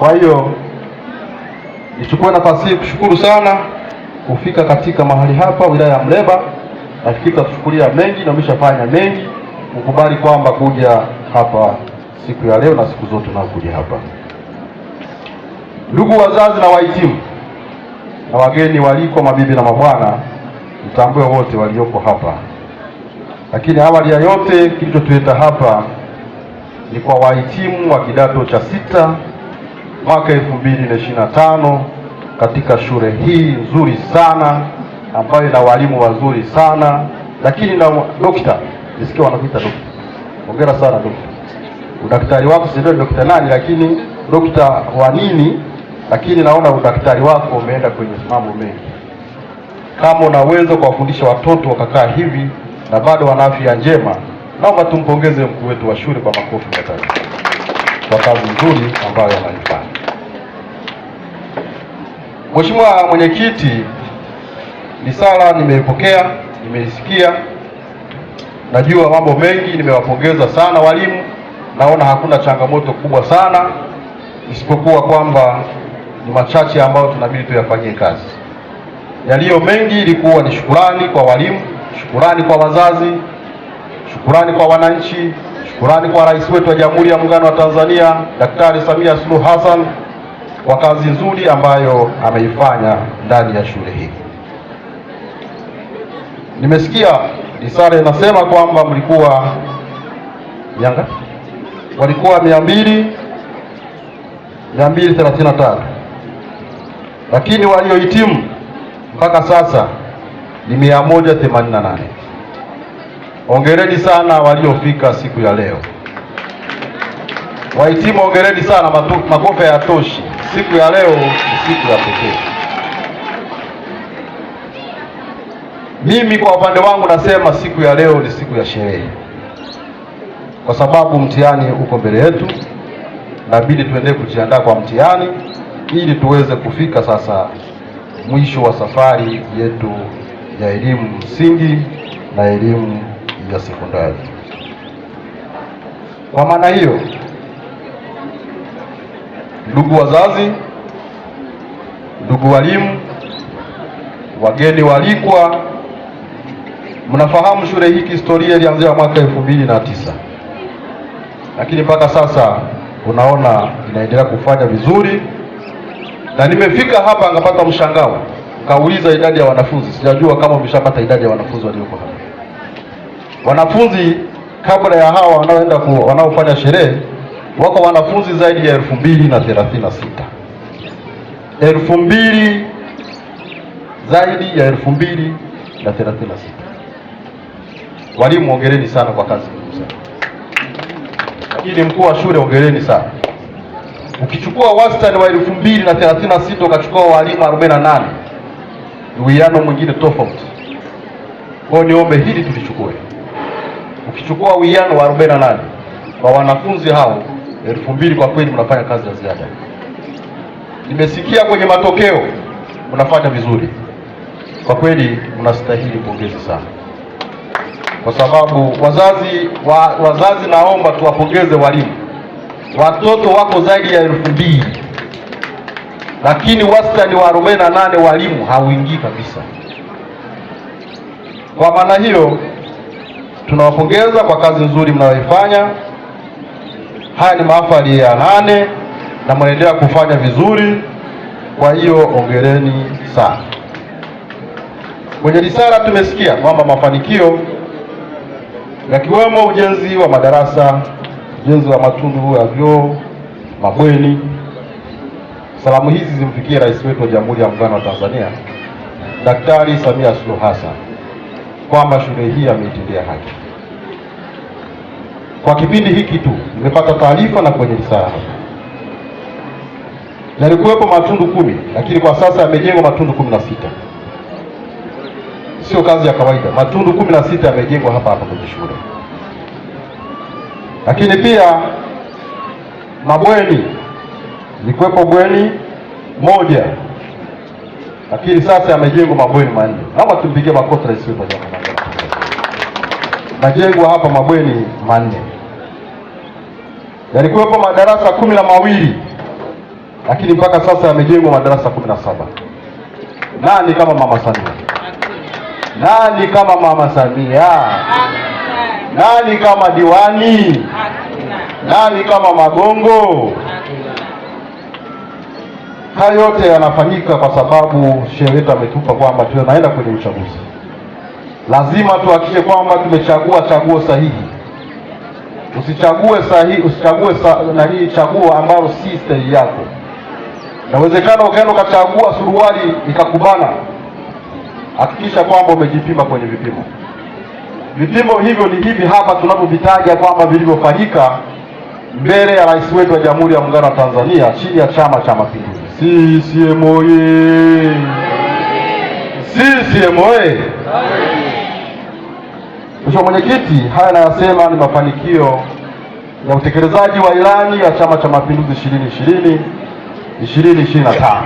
Kwa hiyo nichukue nafasi hii kushukuru sana kufika katika mahali hapa wilaya ya Mleba. Nafikiri tutachukulia mengi na umeshafanya mengi, mkubali kwamba kuja hapa siku ya leo na siku zote unaokuja hapa, ndugu wazazi na wahitimu na wageni waliko, mabibi na mabwana, mtambue wote walioko hapa. Lakini awali ya yote, kilichotuleta hapa ni kwa wahitimu wa kidato cha sita mwaka elfu mbili na tano katika shule hii nzuri sana ambayo ina walimu wazuri sana lakini na dokta, nisikia wanakuita dokta. Hongera sana dokta, udaktari wako sijui dokta nani, lakini dokta wa nini, lakini naona udaktari wako umeenda kwenye mambo mengi. Kama unaweza kuwafundisha watoto wakakaa hivi na bado wana afya njema, naomba tumpongeze mkuu wetu wa shule kwa makofi kwa kazi nzuri ambayo anaifanya. Mheshimiwa Mwenyekiti, risala nimeipokea, nimeisikia, najua mambo mengi, nimewapongeza sana walimu, naona hakuna changamoto kubwa sana isipokuwa kwamba ni machache ambayo tunabidi tuyafanyie kazi. Yaliyo mengi ilikuwa ni shukurani kwa walimu, shukurani kwa wazazi, shukurani kwa wananchi, shukurani kwa Rais wetu wa Jamhuri ya Muungano wa Tanzania Daktari Samia Suluhu Hassan kwa kazi nzuri ambayo ameifanya ndani ya shule hii. Nimesikia risala inasema kwamba mlikuwa Yanga walikuwa mia mbili mia mbili thelathini na tatu lakini waliohitimu mpaka sasa ni mia moja themanini na nane. Hongereni sana waliofika siku ya leo. Wahitimu ongereni sana, makofi toshi. Siku ya leo ni siku ya pekee. Mimi kwa upande wangu nasema siku ya leo ni siku ya sherehe, kwa sababu mtihani uko mbele yetu, nabidi tuendelee kujiandaa kwa mtihani ili tuweze kufika sasa mwisho wa safari yetu ya elimu msingi na elimu ya sekondari. Kwa maana hiyo ndugu wazazi, ndugu walimu, wageni walikwa, mnafahamu shule hii kihistoria ilianzia mwaka elfu mbili na tisa lakini mpaka sasa unaona inaendelea kufanya vizuri, na nimefika hapa ngapata mshangao, kauliza idadi ya wanafunzi. Sijajua kama umeshapata idadi ya wanafunzi walioko hapa. Wanafunzi kabla ya hawa wanaoenda wanaofanya sherehe wako wanafunzi zaidi ya elfu mbili na thelathini na sita elfu mbili zaidi ya elfu mbili na thelathini na sita Walimu ongereni sana kwa kazi sana, lakini mkuu wa shule ongereni sana. Ukichukua wastani wa elfu mbili na thelathini na sita ukachukua walimu arobaini na nane ni uwiano mwingine tofauti. Kwayo niombe hili tulichukue, ukichukua uwiano wa arobaini na nane kwa wanafunzi hao elfu mbili kwa kweli mnafanya kazi ya ziada. Nimesikia kwenye matokeo mnafanya vizuri kwa kweli, mnastahili pongezi sana, kwa sababu wazazi wa, wazazi naomba tuwapongeze walimu. Watoto wako zaidi ya elfu mbili lakini wastani wa arobaini na nane walimu hauingii kabisa. Kwa maana hiyo tunawapongeza kwa kazi nzuri mnayoifanya. Haya ni mahafali ya nane na mnaendelea kufanya vizuri, kwa hiyo ongereni sana. Kwenye risala tumesikia kwamba mafanikio yakiwemo ujenzi wa madarasa, ujenzi wa matundu ya vyoo, mabweni. Salamu hizi zimfikie Rais wetu wa Jamhuri ya Muungano wa Tanzania Daktari Samia Suluhu Hassan kwamba shule hii ameitendea haki. Kwa kipindi hiki tu nimepata taarifa na kwenye risala yalikuwepo matundu kumi, lakini kwa sasa yamejengwa matundu kumi na sita. Sio kazi ya kawaida, matundu kumi na sita yamejengwa hapa hapa kwenye shule, lakini pia mabweni likuwepo bweni moja, lakini sasa yamejengwa mabweni manne. Naomba tumpigie makofi rais wetu najengwa hapa mabweni manne, yalikuwepo madarasa kumi na mawili lakini mpaka sasa yamejengwa madarasa kumi na saba. Nani kama mama Samia? Nani kama mama Samia? Nani kama diwani? Nani kama Magongo? Haya yote yanafanyika kwa sababu sheria wetu ametupa kwamba tunaenda kwenye uchaguzi lazima tuhakikishe kwamba tumechagua chaguo sahihi. Usichague sahihi, usichague sa, nani chaguo ambalo si staili yako. Inawezekana ukaenda ukachagua suruali ikakubana. Hakikisha kwamba umejipima kwenye vipimo. Vipimo hivyo ni hivi hapa tunavyovitaja kwamba vilivyofanyika mbele ya rais wetu wa Jamhuri ya Muungano wa Tanzania chini ya Chama cha Mapinduzi. CCM oyee! CCM oyee! Mheshimiwa Mwenyekiti, haya nayasema ni mafanikio ya utekelezaji wa ilani ya Chama cha Mapinduzi 2020 2025.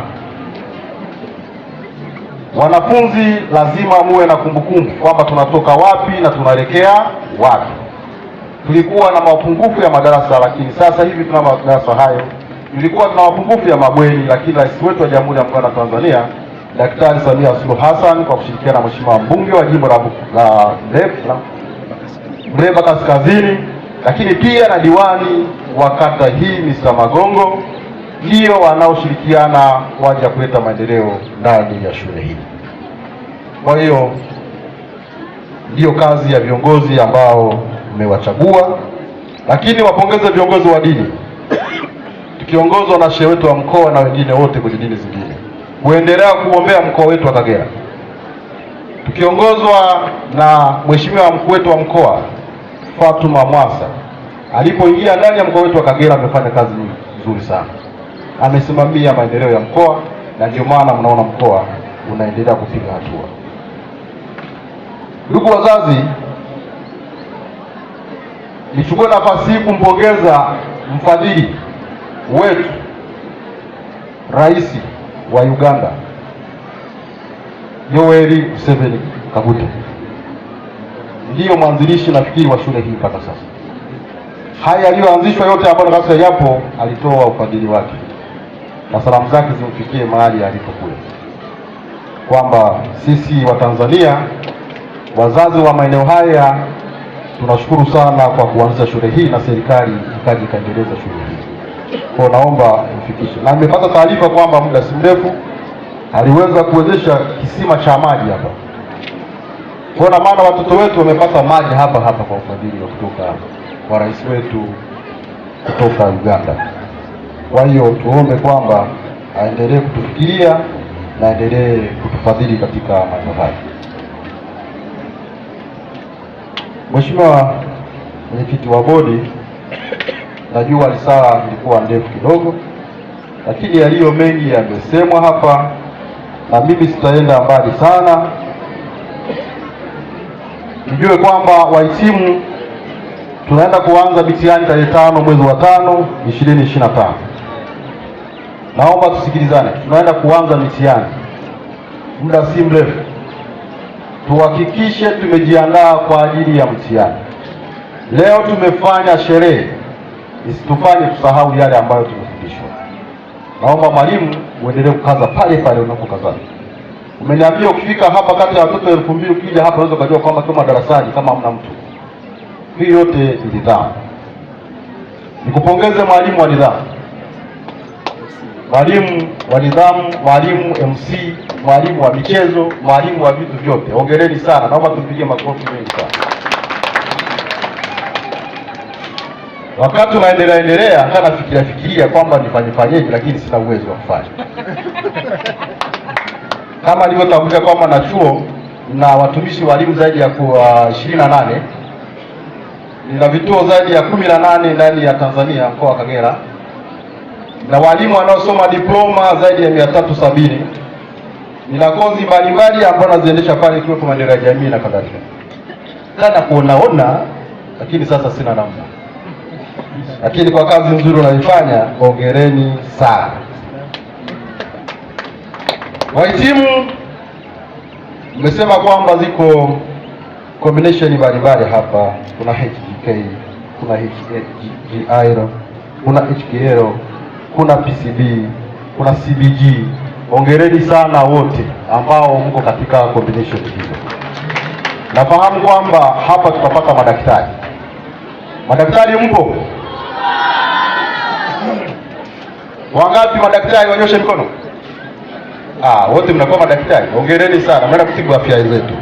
Wanafunzi lazima muwe na kumbukumbu kwamba tunatoka wapi na tunaelekea wapi. Tulikuwa na mapungufu ya madarasa, lakini sasa hivi tuna madarasa hayo. Tulikuwa tuna mapungufu ya mabweni, lakini rais wetu wa Jamhuri ya Muungano wa Tanzania Daktari Samia Suluhu Hassan kwa kushirikiana na Mheshimiwa mbunge wa jimbo la Mreba Kaskazini, lakini pia na diwani wa kata hii Mr. Magongo, ndio wanaoshirikiana waja kuleta maendeleo ndani ya shule hii. Kwa hiyo ndiyo kazi ya viongozi ambao mmewachagua, lakini wapongeze viongozi wa dini tukiongozwa na shehe wetu wa mkoa na wengine wote kwenye dini zingine kuendelea kuombea mkoa wetu wa Kagera tukiongozwa na mheshimiwa mkuu wetu wa mkoa Fatuma Mwasa. Alipoingia ndani ya mkoa wetu wa Kagera amefanya kazi nzuri sana, amesimamia maendeleo ya mkoa, na ndio maana mnaona mkoa unaendelea kupiga hatua. Ndugu wazazi, nichukue nafasi hii kumpongeza mfadhili wetu Raisi wa Uganda Yoweri Museveni Kaguta ndiyo mwanzilishi nafikiri wa shule hii mpaka sasa. Haya yaliyoanzishwa yote ambayo sasa yapo, alitoa ufadhili wake, na salamu zake zimfikie mahali kule, kwamba sisi wa Tanzania wazazi wa maeneo haya tunashukuru sana kwa kuanzisha shule hii na serikali ikaji ikaendeleza shule hii kwa naomba mfikishe, na nimepata taarifa kwamba muda si mrefu aliweza kuwezesha kisima cha maji hapa kwa na maana watoto wetu wamepata maji hapa hapa kwa ufadhili wa kutoka kwa rais wetu kutoka Uganda. Kwa hiyo tuombe kwamba aendelee kutufikiria na aendelee kutufadhili katika mambo haya. Mheshimiwa mwenyekiti wa bodi Najua risala ilikuwa ndefu kidogo, lakini yaliyo mengi yamesemwa hapa na mimi sitaenda mbali sana. Mjue kwamba wahitimu tunaenda kuanza mitihani tarehe tano mwezi wa tano ishirini ishirini na tano. Naomba tusikilizane, tunaenda kuanza mitihani muda si mrefu. Tuhakikishe tumejiandaa kwa ajili ya mtihani. Leo tumefanya sherehe isitufanye tusahau yale ambayo tumefundishwa. Naomba mwalimu uendelee kukaza pale pale unapokaza. Umeniambia ukifika hapa kati ya watoto elfu mbili ukija hapa unaweza kujua kwamba kama darasani kama hamna mtu. Hii yote ni nidhamu. Nikupongeze mwalimu wa nidhamu, mwalimu wa nidhamu, mwalimu MC, mwalimu wa michezo, mwalimu wa vitu vyote. Hongereni sana, naomba tumpigie makofi mengi sana. Wakati unaendelea endelea, hata nafikiria fikiria kwamba nifanyifanyeje, lakini sina uwezo wa kufanya kama nilivyotambulia kwamba na chuo na watumishi wa elimu zaidi ya ishirini na nane nina vituo zaidi ya kumi na nane ndani ya Tanzania mkoa wa Kagera na walimu wanaosoma diploma zaidi ya mia tatu sabini. Nina kozi mbalimbali ambayo naziendesha pale ikiwepo maendeleo ya jamii na kadhalika, Sana kuonaona, lakini sasa sina namna lakini kwa kazi nzuri unaifanya, hongereni sana. Wahitimu, mmesema kwamba ziko combination mbalimbali hapa, kuna HGK, kuna HGIRO, kuna HKL, kuna PCB, kuna CBG. Hongereni sana wote ambao mko katika combination hizo. Nafahamu kwamba hapa tutapata madaktari. Madaktari mpo? Wangapi madaktari wanyoshe mikono? Ah, wote mnakuwa madaktari, ongereni sana, mnaenda kutibu afya zetu.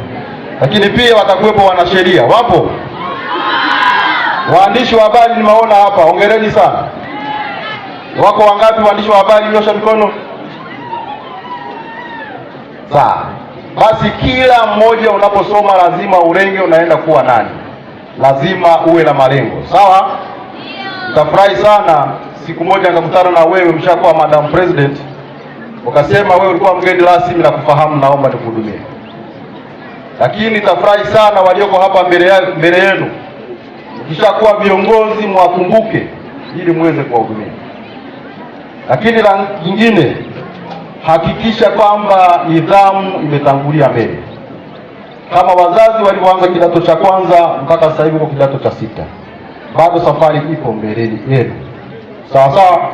Lakini pia watakuwepo wanasheria, wapo waandishi wa habari nimeona hapa, ongereni sana. Wako wangapi waandishi wa habari? Nyosha mikono. Sawa, basi kila mmoja unaposoma lazima urenge unaenda kuwa nani, lazima uwe na malengo, sawa tafurahi sana siku moja nikakutana na wewe, mshakuwa madam president, ukasema wewe ulikuwa mgeni rasmi na kufahamu, naomba nikuhudumie. Lakini tafurahi sana walioko hapa mbele yenu, ukishakuwa viongozi mwakumbuke ili muweze kuwahudumia. Lakini la jingine, hakikisha kwamba nidhamu imetangulia mbele, kama wazazi walivyoanza kidato cha kwanza mpaka sasa hivi kwa kidato cha sita bado safari ipo mbeleni yenu, sawasawa,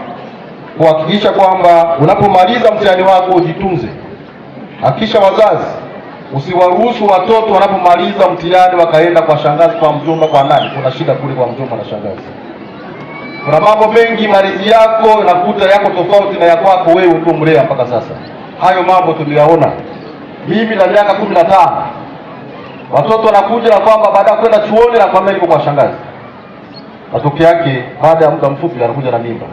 kuhakikisha kwamba unapomaliza mtihani wako ujitunze. Hakikisha wazazi usiwaruhusu watoto wanapomaliza mtihani wakaenda kwa shangazi, kwa mjomba, kwa nani, kuna shida kule kwa mjomba na shangazi. Kuna mambo mengi malezi yako nakuta yako tofauti na ya kwako wewe ulipomlea mpaka sasa. Hayo mambo tuliyaona, mimi na miaka kumi na tano watoto wanakuja na kwamba baada ya kwenda chuoni na kwamba niko kwa shangazi Matokeo yake baada ya muda mfupi anakuja na mimba,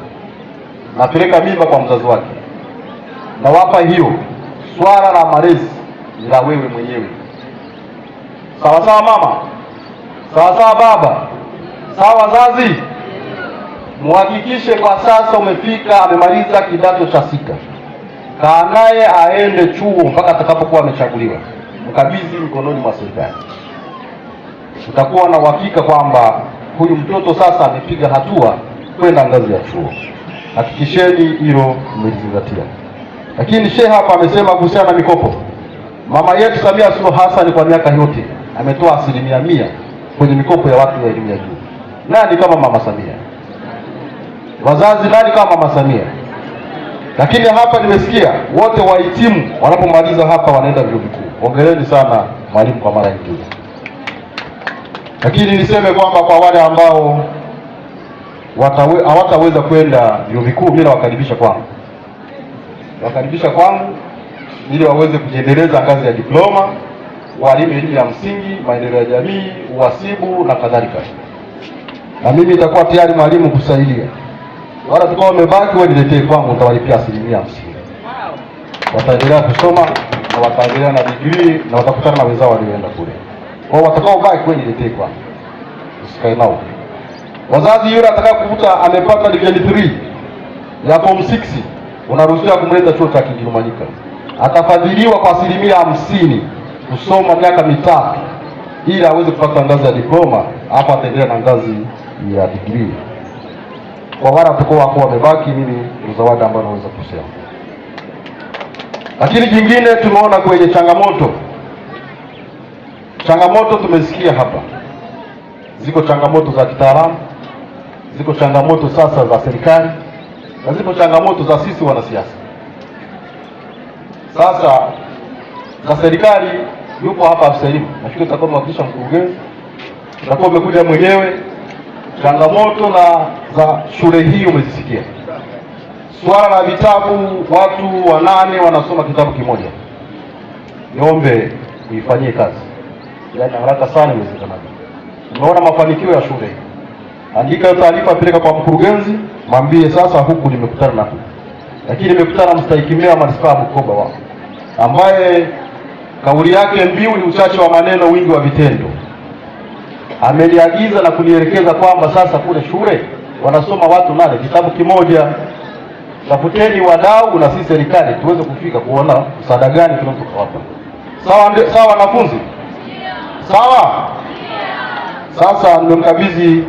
napeleka mimba kwa mzazi wake, nawapa hiyo. Swala la malezi ni la wewe mwenyewe. Sawa sawa mama, sawa sawa baba, sawa wazazi, muhakikishe kwa sasa umefika, amemaliza kidato cha sita, kaa naye aende chuo mpaka atakapokuwa amechaguliwa, mkabidhi mkononi mwa serikali. Utakuwa na uhakika kwamba huyu mtoto sasa amepiga hatua kwenda ngazi ya chuo. Hakikisheni hilo mmelizingatia. Lakini shehe hapa amesema kuhusiana na mikopo. Mama yetu Samia Suluhu Hassan kwa miaka yote ametoa asilimia mia kwenye mikopo ya watu wa elimu ya juu. Nani kama mama Samia? Wazazi nani kama mama Samia? Lakini hapa nimesikia wote wahitimu wanapomaliza hapa wanaenda vyuo vikuu. Hongereni sana mwalimu kwa mara nyingine. Lakini niseme kwamba kwa wale ambao hawataweza kwenda vyuo vikuu, mimi nawakaribisha kwangu, wakaribisha kwangu ili waweze kujiendeleza ngazi ya diploma, walimu elimu ya msingi, maendeleo ya jamii, uhasibu na kadhalika, na mimi nitakuwa tayari mwalimu kusaidia. Wala tukao wamebaki, niletee kwangu, nitawalipia asilimia hamsini. Wataendelea kusoma na wataendelea na digrii na watakutana na wenzao walioenda kule. Kwa watakao kweli kwenye kwa. Usikae nao. Wazazi yule kukuta amepata division 3 ya form 6 unaruhusiwa kumleta chuo cha Kigirumanyika. Atafadhiliwa kwa asilimia hamsini kusoma miaka mitatu ili aweze kupata ngazi ya diploma, hapa ataendelea na ngazi ya degree. Kwa wale watakao wako wamebaki, mimi ni zawadi ambayo naweza kusema. Lakini jingine tumeona kwenye changamoto Changamoto tumesikia hapa, ziko changamoto za kitaalamu, ziko changamoto sasa za serikali na ziko changamoto za sisi wanasiasa. Sasa za serikali, yupo hapa afisa elimu, nafikiri utakuwa mwakilisha mkurugenzi, utakuwa umekuja mwenyewe. Changamoto na za shule hii umezisikia, swala la vitabu, watu wanane wanasoma kitabu kimoja. Niombe uifanyie kazi yaani haraka sana iwezekanavyo. Tumeona mafanikio ya shule. Andika taarifa, peleka kwa mkurugenzi, mwambie sasa huku nimekutana na huku, lakini nimekutana mstahiki meya wa manispaa ya Bukoba wao ambaye kauli yake mbiu ni uchache wa maneno, wingi wa vitendo. Ameniagiza na kunielekeza kwamba sasa kule shule wanasoma watu nane kitabu kimoja. Tafuteni wadau na sisi serikali tuweze kufika kuona msaada gani tunaweza kuwapa. Sawa, sawa wanafunzi. Sawa. Sasa nimemkabidhi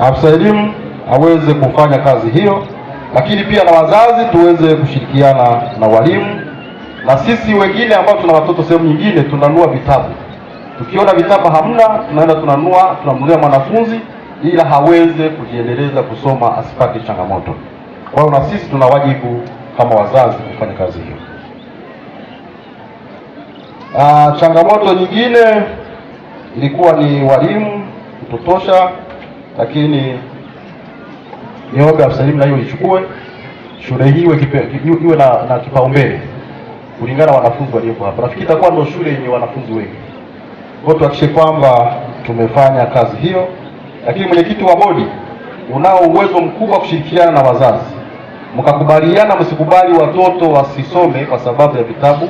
afisa elimu aweze kufanya kazi hiyo, lakini pia na wazazi tuweze kushirikiana na walimu na sisi wengine ambao tuna watoto sehemu nyingine, tunanua vitabu. Tukiona vitabu hamna, tunaenda tunanua, tunamnulia mwanafunzi ila haweze kujiendeleza kusoma, asipate changamoto. Kwa hiyo na sisi tuna wajibu kama wazazi kufanya kazi hiyo. Ah, changamoto nyingine ilikuwa ni walimu kutotosha lakini niombe afisa elimu hiyo ichukue shule hii iwe na, na kipaumbele kulingana na wanafunzi walioko hapa. Nafikiri itakuwa ndio shule yenye wanafunzi wengi, kwa tuhakikishe kwamba tumefanya kazi hiyo. Lakini mwenyekiti wa bodi, unao uwezo mkubwa kushirikiana na wazazi, mkakubaliana, msikubali watoto wasisome kwa sababu ya vitabu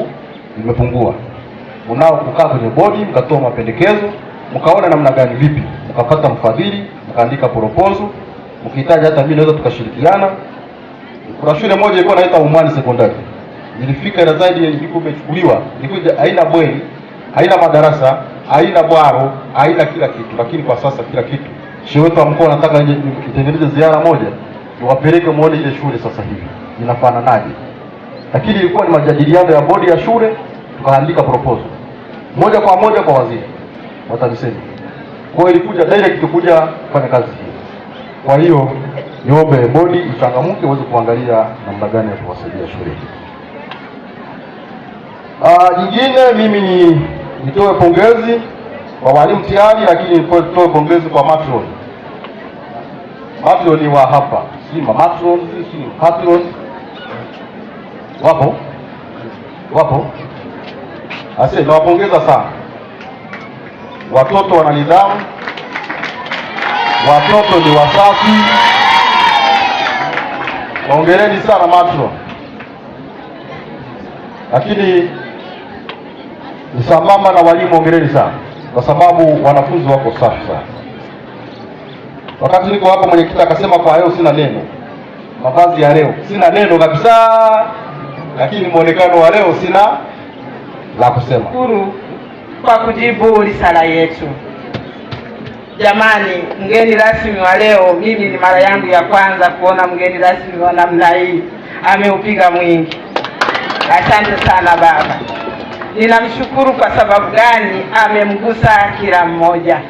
vimepungua mnao kukaa kwenye bodi mkatoa mapendekezo, mkaona namna gani vipi, mkapata mfadhili, mkaandika proposal, mkihitaji hata mimi naweza tukashirikiana. Kuna shule moja ilikuwa inaitwa Umani Sekondari, nilifika na zaidi ya ilikuwa imechukuliwa, ilikuwa haina bweni, haina madarasa, haina bwaro, haina kila kitu, lakini kwa sasa kila kitu. Shehe wetu wa mkoa anataka nitengeneze ziara moja, niwapeleke muone ile shule sasa hivi inafananaje, lakini ilikuwa ni majadiliano ya bodi ya shule, tukaandika proposal moja kwa moja kwa waziri wa TAMISEMI. Kwa hiyo ilikuja direct kuja kufanya kazi hii. Kwa hiyo niombe bodi ichangamke uweze kuangalia namna gani ya kuwasaidia shule hii. Ah, jingine mimi ni nitoe pongezi kwa walimu tayari, lakini nitoe pongezi kwa matron. Matron wa hapa si matron si patron wapo wapo Asi, nawapongeza sana watoto, wana nidhamu, watoto ni wasafi. Hongereni sana matro. Lakini sambamba na walimu, hongereni sana kwa sababu wanafunzi wako safi sana. Wakati niko hapo mwenyekiti akasema kwa leo sina neno, mavazi ya leo sina neno kabisa, lakini muonekano wa leo sina la kusema. Shukuru kwa kujibu risala yetu. Jamani, mgeni rasmi wa leo, mimi ni mara yangu ya kwanza kuona mgeni rasmi wa namna hii, ameupiga mwingi. Asante sana baba. Ninamshukuru kwa sababu gani? Amemgusa kila mmoja.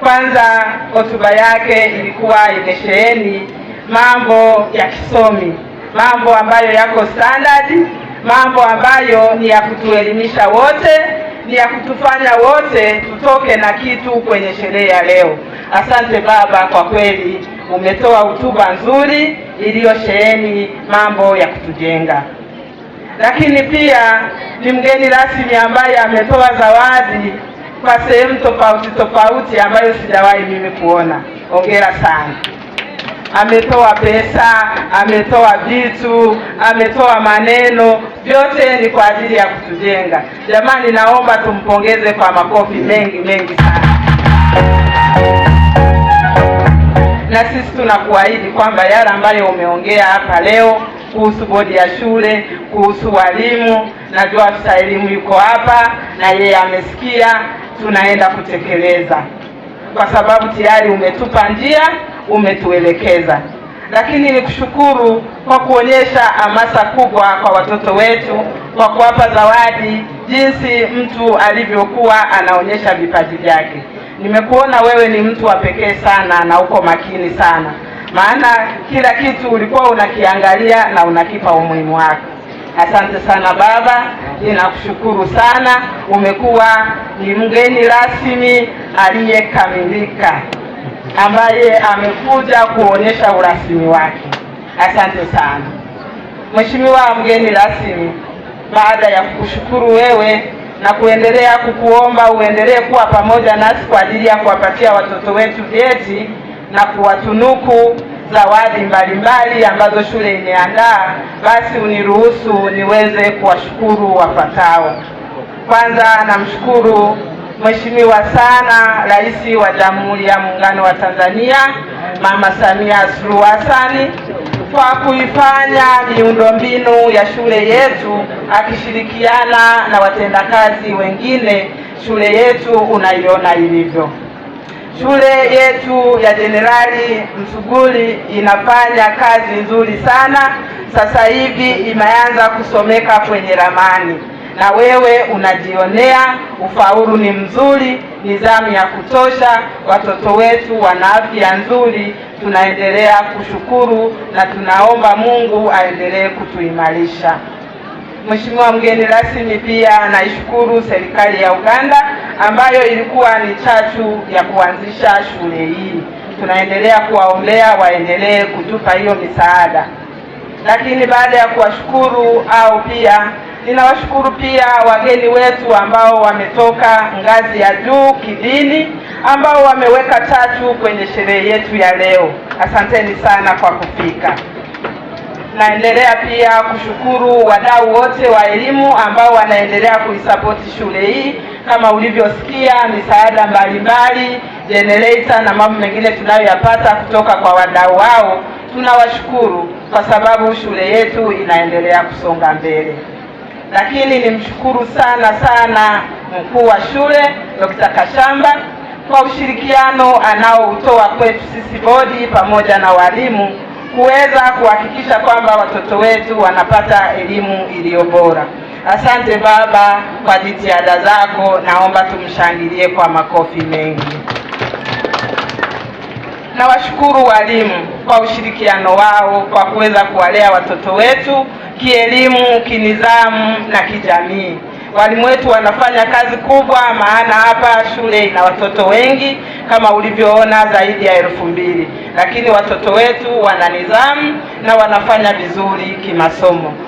Kwanza, hotuba yake ilikuwa imesheheni mambo ya kisomi, mambo ambayo yako standard mambo ambayo ni ya kutuelimisha wote, ni ya kutufanya wote tutoke na kitu kwenye sherehe ya leo. Asante Baba, kwa kweli umetoa hotuba nzuri iliyosheheni mambo ya kutujenga, lakini pia ni mgeni rasmi ambaye ametoa zawadi kwa sehemu tofauti tofauti ambayo sijawahi mimi kuona. Hongera sana ametoa pesa, ametoa vitu, ametoa maneno, vyote ni kwa ajili ya kutujenga. Jamani, naomba tumpongeze kwa makofi mengi mengi sana, na sisi tunakuahidi kwamba yale ambayo umeongea hapa leo kuhusu bodi ya shule, kuhusu walimu, najua afisa elimu yuko hapa na yeye amesikia, tunaenda kutekeleza kwa sababu tayari umetupa njia umetuelekeza. Lakini nikushukuru kwa kuonyesha hamasa kubwa kwa watoto wetu kwa kuwapa zawadi jinsi mtu alivyokuwa anaonyesha vipaji vyake. Nimekuona wewe ni mtu wa pekee sana na uko makini sana, maana kila kitu ulikuwa unakiangalia na unakipa umuhimu wake. Asante sana baba, ninakushukuru sana. Umekuwa ni mgeni rasmi aliyekamilika ambaye amekuja kuonyesha urasimi wake. Asante sana Mheshimiwa mgeni rasmi, baada ya kukushukuru wewe na kuendelea kukuomba uendelee kuwa pamoja nasi kwa ajili ya kuwapatia watoto wetu vyeti na kuwatunuku zawadi mbalimbali ambazo shule imeandaa, basi uniruhusu niweze kuwashukuru wafuatao. Kwanza namshukuru Mheshimiwa sana Rais wa Jamhuri ya Muungano wa Tanzania Mama Samia Suluhu Hassan kwa kuifanya miundombinu ya shule yetu akishirikiana na watendakazi wengine, shule yetu unaiona ilivyo. Shule yetu ya Jenerali msuguli inafanya kazi nzuri sana, sasa hivi imeanza kusomeka kwenye ramani na wewe unajionea ufaulu ni mzuri, nidhamu ya kutosha, watoto wetu wana afya nzuri. Tunaendelea kushukuru na tunaomba Mungu aendelee kutuimarisha. Mheshimiwa mgeni rasmi, pia naishukuru serikali ya Uganda ambayo ilikuwa ni chachu ya kuanzisha shule hii. Tunaendelea kuwaombea waendelee kutupa hiyo misaada. Lakini baada ya kuwashukuru au pia Ninawashukuru pia wageni wetu ambao wametoka ngazi ya juu kidini, ambao wameweka tatu kwenye sherehe yetu ya leo. Asanteni sana kwa kufika. Naendelea pia kushukuru wadau wote wa elimu ambao wanaendelea kuisapoti shule hii, kama ulivyosikia, misaada mbalimbali, generator na mambo mengine tunayoyapata kutoka kwa wadau wao. Tunawashukuru kwa sababu shule yetu inaendelea kusonga mbele lakini nimshukuru sana sana mkuu wa shule Dr. Kashamba kwa ushirikiano anaoutoa kwetu sisi bodi pamoja na walimu kuweza kuhakikisha kwamba watoto wetu wanapata elimu iliyo bora. Asante baba kwa jitihada zako, naomba tumshangilie kwa makofi mengi. Nawashukuru walimu kwa ushirikiano wao kwa kuweza kuwalea watoto wetu kielimu, kinidhamu na kijamii. Walimu wetu wanafanya kazi kubwa, maana hapa shule ina watoto wengi kama ulivyoona zaidi ya elfu mbili, lakini watoto wetu wana nidhamu na wanafanya vizuri kimasomo.